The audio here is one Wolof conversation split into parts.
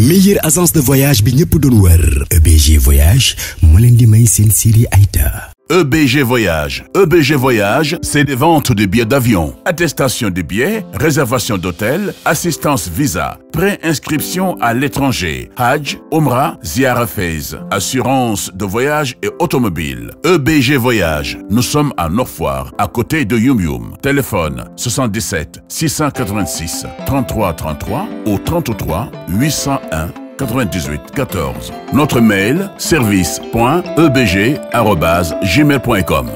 meilleure agence de voyage bi ñëpp doon wër EBG voyage moo leen di may seen série Aïda EBG Voyage. EBG Voyage, c'est des ventes de billets d'avion, attestation de billets, réservation d'hôtel, assistance visa, pré-inscription à l'étranger, Hajj, Omra, Ziara Fez, assurance de voyage et automobile. EBG Voyage. Nous sommes à Norfoire, à côté de Yum Yum. Téléphone 77 686 33 33 ou 33 801 98 14. Notre mail service.ebg.gmail.com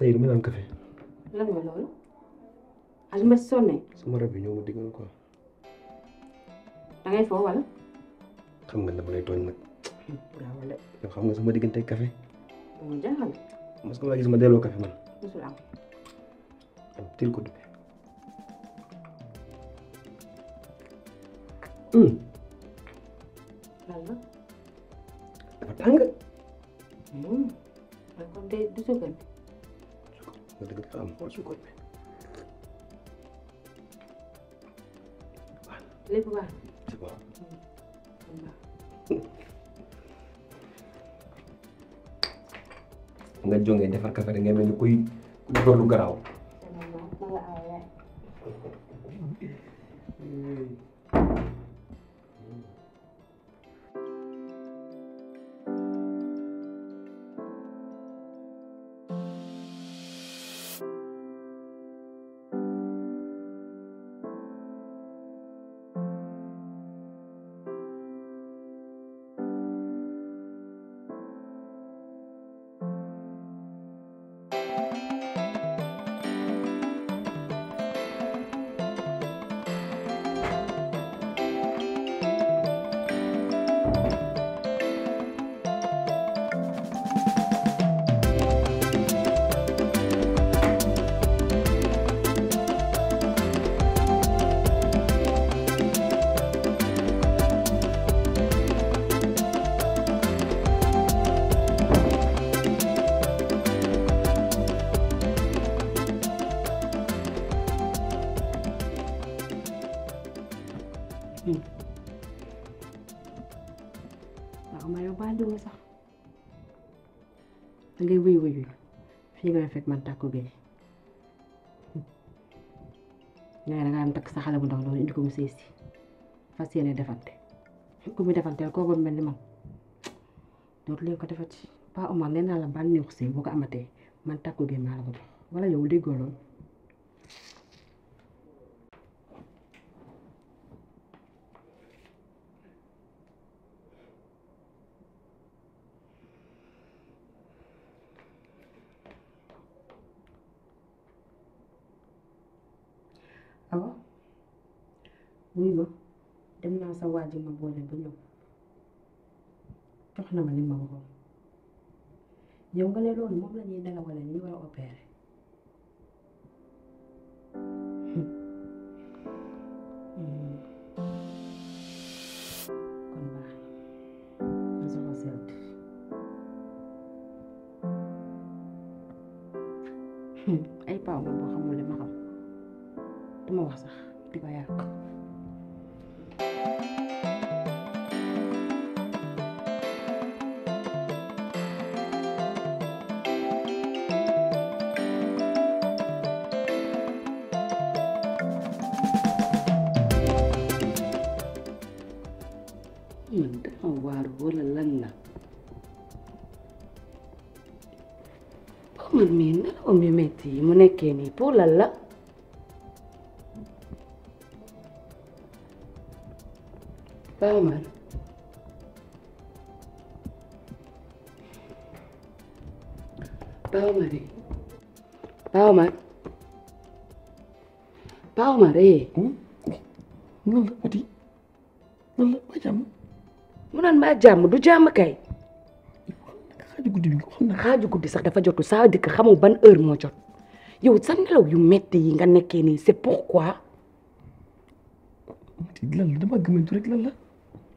tey dama naan café. lan mooy loolu. almas sonné. sama rab yi ñoo ma digal quoi. da ngay foo wala. xam nga dama lay tooñ nag. waaw xam nga sama diggante café. moom jaaxal. mos nga gis ma delloo café man. mosul ko duggee. Hmm. lan la. dafa tàng. Hmm. kon tey du Nalagad ka mo, sugod ba? Lay pa Nga jonge defar fere nga ko do lu da ngay wéy wéyul fii nga fekk man tàkku bi nga da nga am takk sa xale bu ndaw loolu indi ko mu sëy si fas yéene defante ku mu defanteel koo ba mel ni man dootu leen ko defati Pa Omar nee naa la bànneexu sëy boo ko amatee man tàkku bi maa la ko jox wala yow déggoo loolu wuy ma dem naa sa waa ji ma boole ba ñëw jox na ma li ma waxoon yow nga ne loolu moom la ñuy nelawale ñu war a opéré manda waru wala lanna Paman min o mi metti mo ne che Paman. Paman Bauman Paman. Paman Baumare hmm? Nulla adi Nulla macam mu ma maa jàmm du jàmm kay. xaju guddi bi xam na guddi sax dafa jotu saa dik xamou ban heure mo jot yow sa nelaw yu metti yi nga nekké ni c'est pourquoi. lan dama gëmentu rek lan la.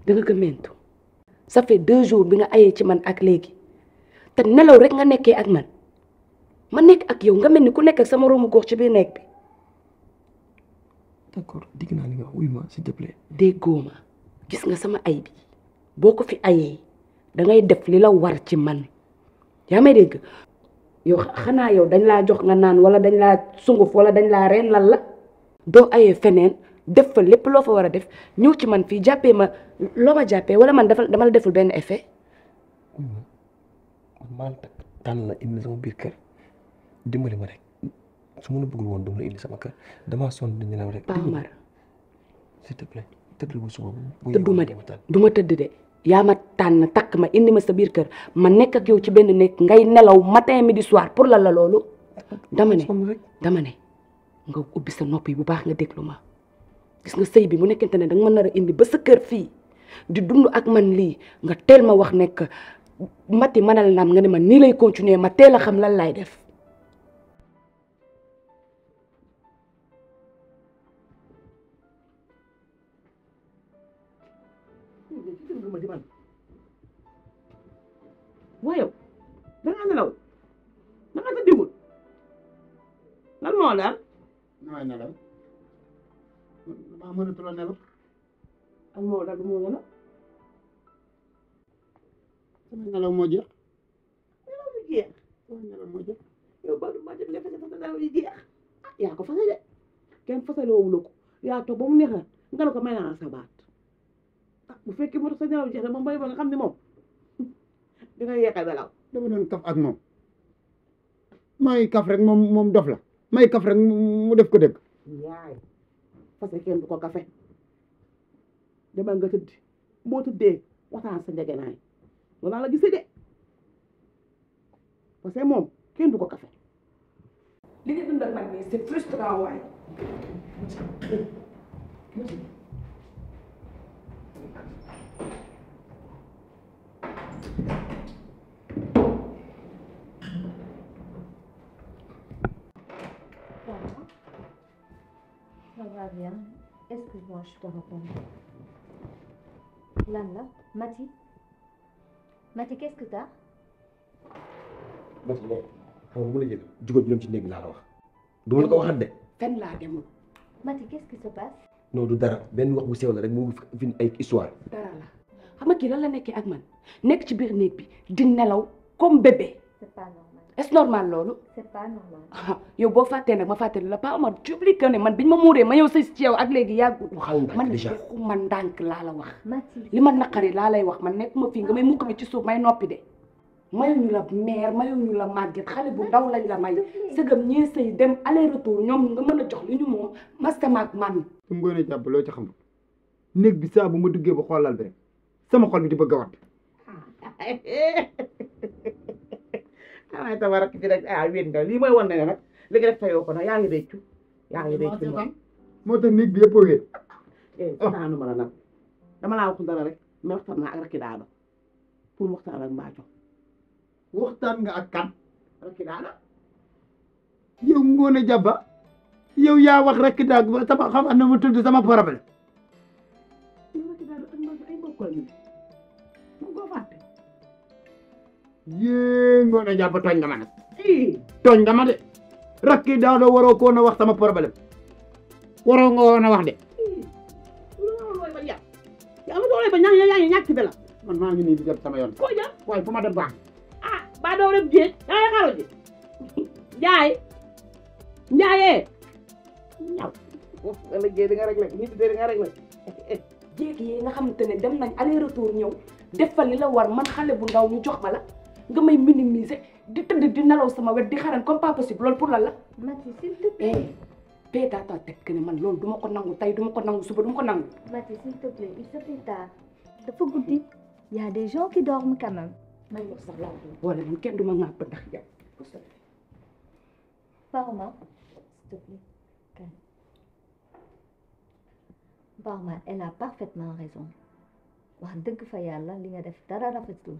da nga ça fait 2 jours bi nga ayé ci man ak légui té nelaw rek nga nekké ak man ma nekk ak yow nga melni ku nekk ak sama romu gox ci bi nekk bi. d'accord dégg naa li nga wax ma s'il te plaît. dégoma gis nga sama ay bi. boo ko fi ayee dangay def li la war ci man yaa may dégg yow xanaa yow dañ laa jox nga naan wala dañ laa sunguf wala dañ laa reen lan la doo ayee feneen def fa lépp loo fa war a def ñëw ci man fii jàppee ma loo ma jàppee wala man dafa dama la deful benn effet. man tànn na indi sama biir rek su ma la woon dama la indi sama kër damaa sonn di nelaw rek. Paa Mar de du ma tëdd de. yaa ma na takk ma indi ma sa biir kër ma nekk ak yow ci benn nekk ngay nelaw matin midi soir pour la la loolu dama ne dama ne nga ubbi sa nopp yi bu baax nga déglu ma gis nga sey bi mu nekkente ne danga ma nar a indi ba sa kër fii di dund ak man lii nga teel ma wax nekk mati manal naam nga ne ma nii lay continuer ma teel a xam lan laay def lan moo la damay nelaw damaa mënatu la nelaw lan moo la lu moo la sama nelaw moo jeex nelaw yu jeex sama nelaw moo jeex yow ba ma def nga fase fase nelaw yu jeex yaa ko fase de kenn fasale woowu la ko yaa toog ba mu neex la nga ne ko may naa sa baat ah bu fekkee moo tax sa nelaw jeex la moom bay ba nga xam ne moom di nga yeexe nelaw dama doon kaf ak moom maa ngi kaf rek moom moom dof la may kaf rek mu def ko dëgg yaay parce que kenn du ko kafe demal nga tëdd boo tëddee waxtaan sa njegenaay loolu la gisee de parce que moom kenn du ko kafe li nga dund ak man nii c'est frustrant waay pas grave, hein. Excuse-moi, je dois répondre. Lan là, Mati Mati, qu'est-ce que t'as Mati, non. xam nga la jël jugóob ñoom ci néeg laa la wax. du ma la ko waxaat de. fenn laa demul. Mati, qu'est-ce qui se passe non du dara Ben wax bu sew la rek mo fi ay histoire. dara la xam nga ki lan la nekkee ak man nekk ci biir néeg bi di nelaw comme bébé. c'est pas normal. est normal loolu. c'est pas normal. Ah, yow boo fàttee nag ma fàttali la Paa Omar tu oublies que ne man biñ ma muuree ma yow sëy ci yow ak léegi yàggul. man nekku ma ndànk laa la wax. li ma naqari laa lay wax man nekku ma fii nga may mukk mi ci suuf may noppi de. mayuñu la mère mayuñu la màgget xale bu ndaw lañ la may sëgam ñee sëy dem aller retour ñoom nga mën a jox li ñu moom mastama ak man. fi mu gën a loo ci xam néeg bi saa bu ma duggee ba xoolal be rek sama xol bi di bëgg a wat waaye tawar ak ci rek ah wéet nga lii ko nag yaa ngi réccu yaa ngi réccu moo tax nit bi yëpp a wéet naanu ma la nag dama laa wax dara rek mais waxtaan naa ak rakki daado pour waxtaan ak nga ak kan rakki yaa wax rakki daado sama xam na mu tudd sama problème yow yée ngoon a jàpp tooñ nga ma nag tooñ nga ma de rakki daadoo waroo koon a wax sama problème waroo nga woon a wax de ama doole ba ñaa yaa ngi ñàkk bi la man maa ngi nii di dem sama yoon koo jam waaye fu ma dem baax ah ba doo dem géej yaa xaro ji njaay njaayee ñaw wala géej di nga rek nag ñi di di nga rek nag jéeg yi nga xamante ne dem nañ aller retour ñëw defal li la war man xale bu ndaw ñu jox ma la nga may minimiser di tëdd di nalaw sama wet di xaran comme pas possible lol pour lan la. Mathi s'il te plaît. paie eh, daa taa teg ne man lol duma ko nangou tay duma ko nangou suba duma ko nangu. Mathi s'il te plaît il se fait tard. dafa guddi y a des gens qui dorment quand même. man loolu sax laa wala man kenn duma ngap ndax ya Parma s'il te plaît. Parma elle a parfaitement raison Wa deug fa yalla li nga def dara rafetul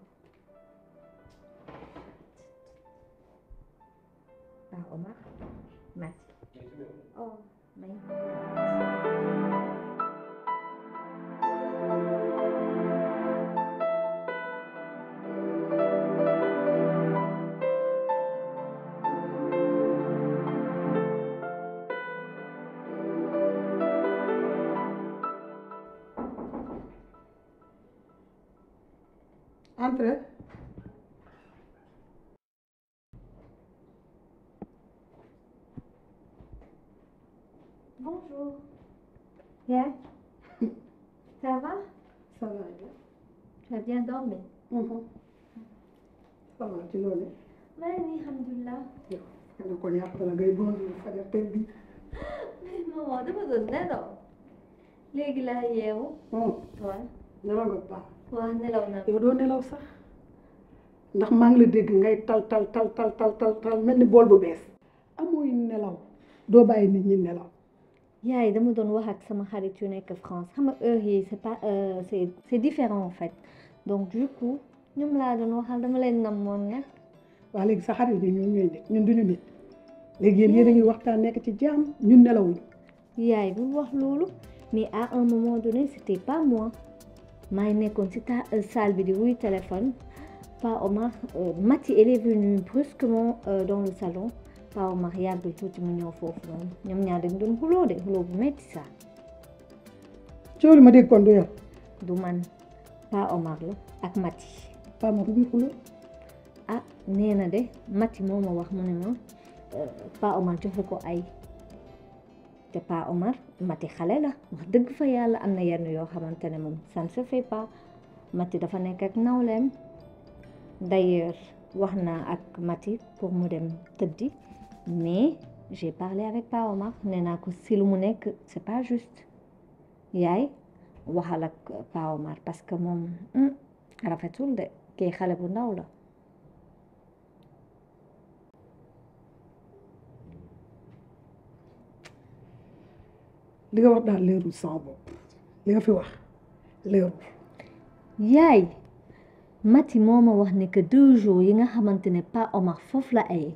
爸，我妈，没。哦，没。Pierre Ça va Ça va bien. Tu as bien ci loolu. Mm-hmm. maa ngi nii alhamdulilah. yow kon yàpp la ngay bon fajar tey doon nelaw. Mm. doo nelaw sax. ndax maa ngi la dégg ngay tal tal tal tal tal tal mel ni bool bu bees. amuy nelaw doo bàyyi nit ñi nelaw. Yeah, et France. C'est pas, euh, c'est, c'est différent en fait. Donc du coup, ñoom laa doon waxal dama leen namoon nga. waaw léegi sa xarit yi ñoom ñooy nekk ñun duñu nit léegi yéen yéen a ngi waxtaan nekk ci jàmm ñun nelawuñu. yaay bu wax loolu mais à un moment donné c'était pas moi Mais ngi nekkoon si euh, salle bi di wuy téléphone Pa Omar euh, Mati elle est venue brusquement euh, dans le salon. faaw ma yàggul tuuti mu ñëw foofu noonu ñoom ñaar dañ doon xuloo de xuloo bu metti sax. coow ma dégg kon du yow. du man Pa Omar la ak Mati. Pa Omar du na de Mati moo wax mu ne ma ko ay te Pa Omar Mati xale la wax dëgg fa yàlla am na yenn yoo xamante ne moom ça ne se fait dafa nekk ak nawleem d'ailleurs wax naa ak Mati pour mu dem tëddi. Mais j'ai parlé avec Paomar, nena que si le que c'est pas juste. Yay, wahala Paomar, parce que mon. Rafetoul, hmm, qui est Khalebounda ou là. li nga wax daal leerul sama bopp li nga fi wax leerul yaay Mati moo ma wax ne que deux jours yi nga xamante ne Pa Omar foofu la aye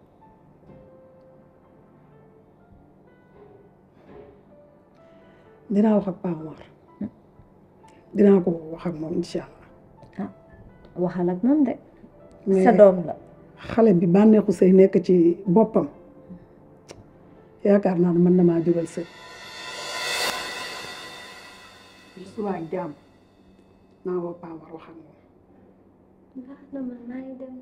dinaa wax ak Paa Omar dinaa ko wax ak moom incha allah. ah waxal ak moom de. sa doom la. xale bi bànneexu sëy nekk ci boppam yaakaar naa ne mën na maa jugal sëy. suba ak jàmm naa woo Paa Omar wax ak moom. baax na man maa ngi dem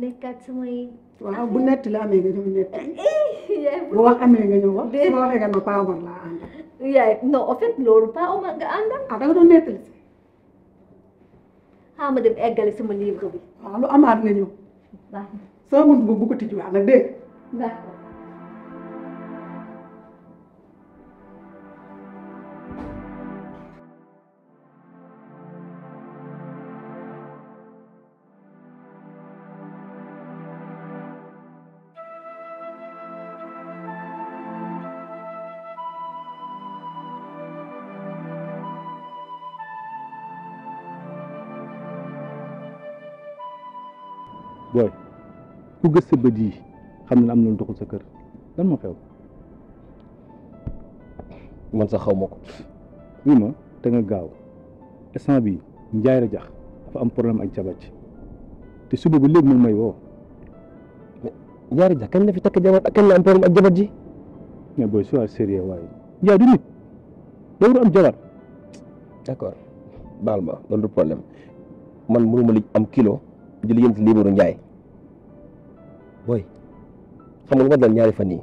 nekkaat samay. waaw bu nett la amee nga ñëw nett. Eh, eh, eh, bu wax amee nga ñëw wax. bu waxee nga ne Paa Omar laa àndal. No, en fait loolu pas au moins nga ànd ah da nga doon nettali si. xaaral ma dem eggali sama livre bi. waaw lu amaat nga ñëw. waaw bu ko tijjiwaat nag dégg nga. boy ku geus sa bët yi xam am na lu doxul sa kër lan mo xew man sa xawmako wi ma te nga gaaw instant bi njaay ra jax dafa am problème ak jabar te suba bu léegi mo may wo njaay la jax kañ la fi tak jabar ak la am problème ak jabar ji mais boy so sérieux way njaay du nit dawru am jabar d'accord balma ma problème man mënuma li am kilo di li liibaru njaay booy xamul waroon ñaari fan yi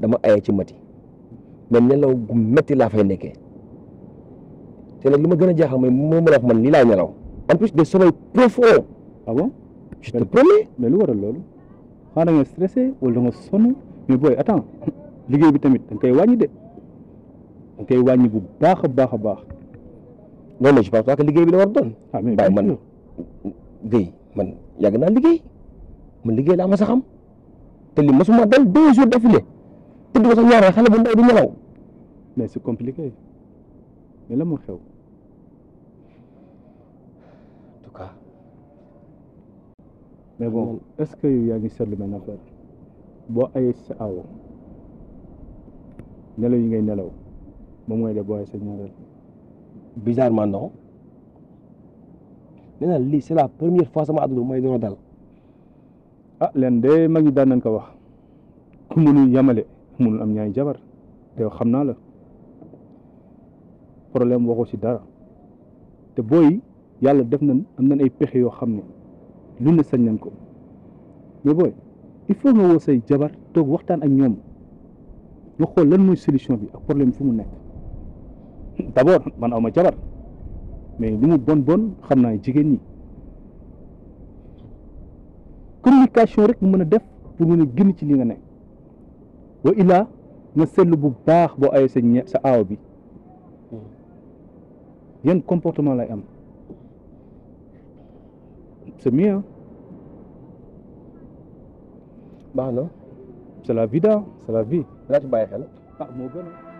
dama aye ci mati mais nelaw gu laa fay nekkee te nag li ma gën a jaaxal mooy ma la wax man lii laay nelaw en plus de sommeil profond. ah bon lu waral loolu xanaa da nga stressé wala da nga sonn mais liggéey bi tamit da nga koy wàññi de da nga koy wàññi bu baax a baax a baax. non mais je pense liggéey bi la war a doon. ah mais man Guèye man yàgg naa liggéey. man liggéey laa ma sax xam te li masuma dal deux jours d'affilée te du ko xew en tout mais bon est-ce que yow yaa ngi seetlu benn affaire boo ayee sa aawo nelaw yi ngay nelaw moom mooy de boo ayee sa ñaareel bizarrement non nee naa lii c'est la première fois sama àdduna may doon dal ah leen de mag ñi daan nañ ko wax mënul yamale mënul am ñaay jabar te xam naa la problème waxu si dara te booy yàlla def na am na ay pexe yoo xam ne lu ne sañ nañ ko mais booy il faut nga woo say jabar toog waxtaan ak ñoom nga xool lan mooy solution bi ak problème fi mu nekk d'abord man aw ma jabar mais li mu bon bon xam naa jigéen ñi communication rek mën a def pour mën a ci li nga nekk wa ila na seetlu bu baax bo ay sa sa aaw bi yeen comportement lay am c'est mieux hein. baax non c'est la vie c'est la vie laa tu baye xel ah mo gën hein.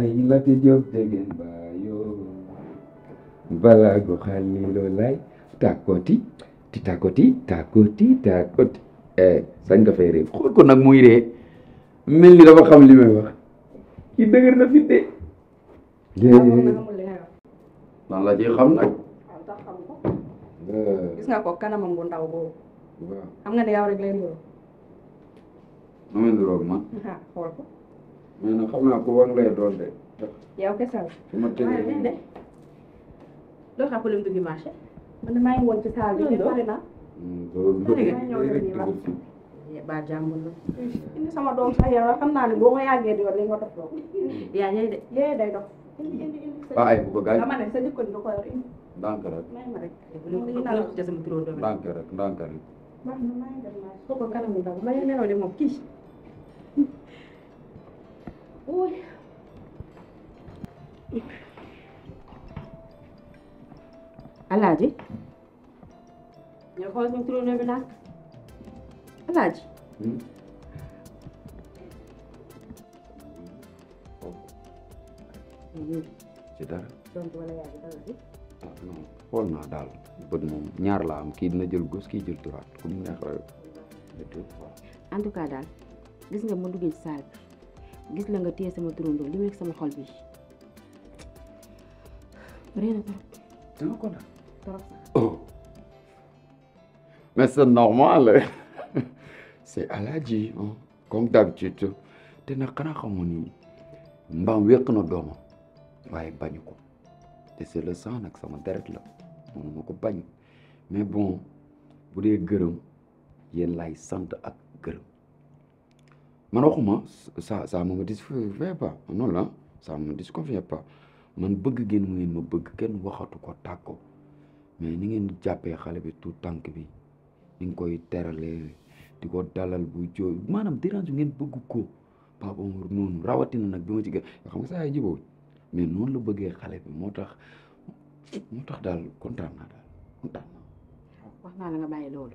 عيلة جبتك بايو balago khalilulai takoti titakoti takoti takoti eh sañ nga fay rew xol ko nak muy re melni dafa xam limay wax ki deugar na fi de lan la ci xam nak gis nga ko kanamam bu ndaw bo. xam nga ne yow rek lay nduro nu muy nduro ak man xool ko mais nag xam naa ko war lay doon de. yow kese la. su ma tëjee waaw de. doo man maa naa. Hmm, eh, ba jàmbur la. indi sama doom sax naa ne boo ko yàggee di yor yaa ngi de. yee day dox. indi indi sa ah, ay bu ko gaañ. dama ne sa jikko ni da ko yor indi. ndànk ma eh, rek. ndànk rek ndànk na maa ngi dem de moom kii. Uy. Alaaji. ñoo xool suñu tournée bi nag Alaaji. Hmm? Hmm. Hmm. ci dara. donc wala yaa ngi dara bi. ah non xool naa daal bët moom ñaar laa am kii dina jël gauche kii jël droite comme neex gis nga ma duggee ci salle gis la nga téye sama turandoo li nekk sama xol bi rëy na trop. dama ko naan. trop sax. Oh. mais c'est normal c'est Alaaji hein. comme d'habitude te nag xanaa xamu ni mbaam wéq na doomam waaye bañu ko te c'est le sang nag sama deret la moom ma ko bañ mais bon bu dee gërëm yéen laay sant ak gërëm. man waxuma ça ça ne me disconvient la ça ne me disconvient pas man bëgg ngeen mu ngeen ma bëgg kenn waxatu ko tàkko mais ni ngeen jàppee xale bi tout tànk bi ni nga koy teralee di ko dalal bu jooy maanaam dérange ngeen bëgg ko Pape Omar noonu rawatina nag bi ma ci gën xam nga saa ji boo mais noonu la bëggee xale bi moo tax moo tax daal kontaan naa daal wax naa la nga bàyyi loolu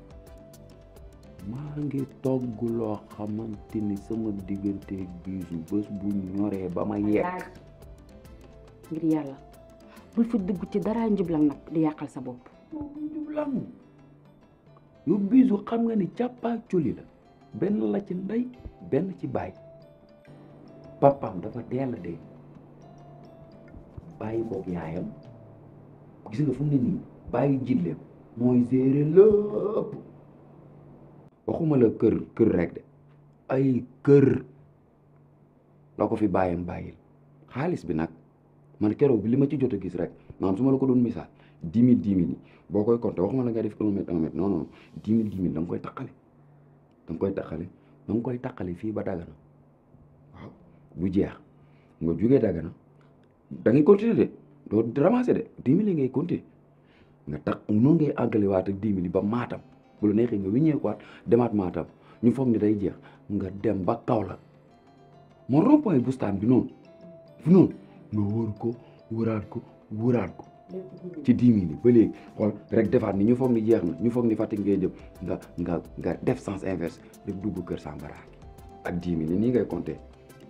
mangi ngi togg khamantin ni sama diggante biisu bés bu ñoré ba ma yekk ngir yalla bu fi dugg ci dara njublam nak di yàqal sa bop njublam yu biisu xam nga ni càppaa coli la ben la ci nday ben ci bay papaam dafa teel a bay bàyyi koog yaayam gis nga fu waxuma la kër kër rek de ay kër loo ko fi bàyyam bàyyil xaalis bi nag man keroo bi li ma ci jot a gis rek maam su ma la ko doon misaal dix mille dix mille yi boo koy compter waxuma la nga def un mètre un mètre non non dix mille koy taqale da koy taqale da koy taqale fii ba Dagana waaw bu jeex nga jugee Dagana da ngay continuer de doo ramasser de dix mille yi ngay compter nga tax noonu ngay àggale waat ak dix mille ba maatam. bu lu neexee nga wéññeekuwaat demat Matam ñu foog ni day jeex nga dem ba Kaolack mo rond-point bustaan bi non fu non nga wor ko wóoraat ko wóoraat ko ci dix ni ba leg xol rek defat ni ñu foog ni jeex na ñu foog ni Fatick ngey jëm nga nga nga def sens inverse rek dugg keur sa mbara ak dix ni ni ngay compter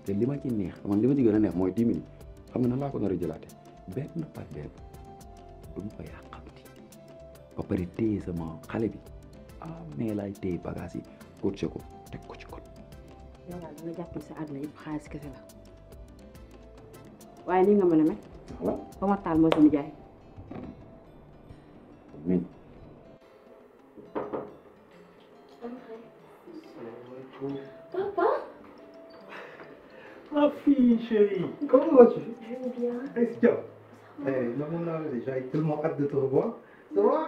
te lima ci neex man lima ci gëna neex moy dix minutes xam na la ko nara jëlaté ben pas par benn du ma ko yàqamti ba pare té sama xalé bi ameelaay bagages yi course ko teg ko ci kon yow daal sa àdduna yëpp xaalis kese la waaye ni nga mën mel ba ma taal moo jaay min papa ma fille chérie comment vas-tu je vais bien est-ce que eh, normalement déjà tellement hâte de te revoir ça va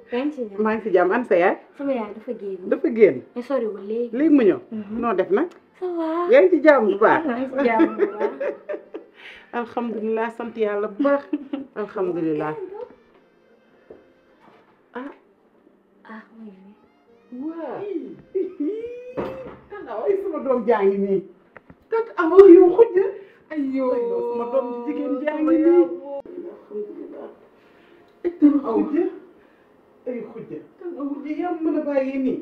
maa ngi si jàmm an sa dafa génn. dafa génn. Eh, léegi. mu ñëw. Mhm. noo def nag. yaa ngi maa ngi si jàmm bu baax. alhamdulilah sant yàlla bu baax. alhamdulilah. Ah. Ah, tay xujja tan aw ji yaa mën a bàyyi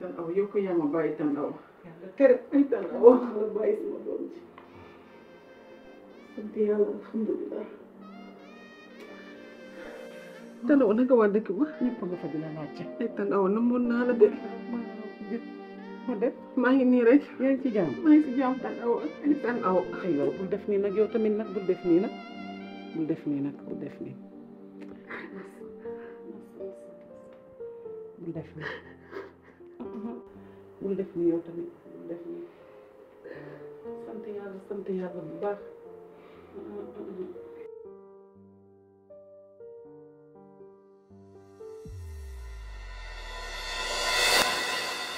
tan aw yow ko yaa ma bàyyi tan aw yàlla tere ay tan aw la bàyyi sama doom ji sant yàlla alhamdulilah tan aw naka waa dëkk ba ñëpp nga fa di la laajte ay tan aw na mën naa la de ma def maa ngi nii rek ma ngi ci jàmm maa ngi ci jàmm tan aw ay tan aw yow bul def nii nag yow tamit nag bul def nii nag bul def nii nag bul def nii bul def nii bul def nii yow tamit bul def nii sant yàlla sant yàlla bu baax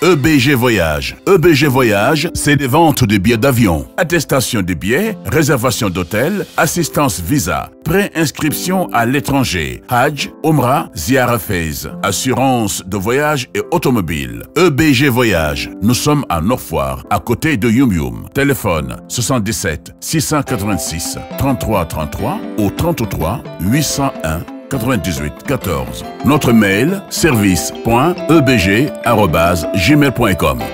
EBG Voyage. EBG Voyage, c'est des ventes de billets d'avion, attestation de billets, réservation d'hôtel, assistance visa, pré-inscription à l'étranger, Hajj, Omra, Ziara assurance de voyage et automobile. EBG Voyage. Nous sommes à Norfoire, à côté de Yum Yum. Téléphone 77 686 33 33 ou 33 801 9814. Notre mail service.ebg.gmail.com.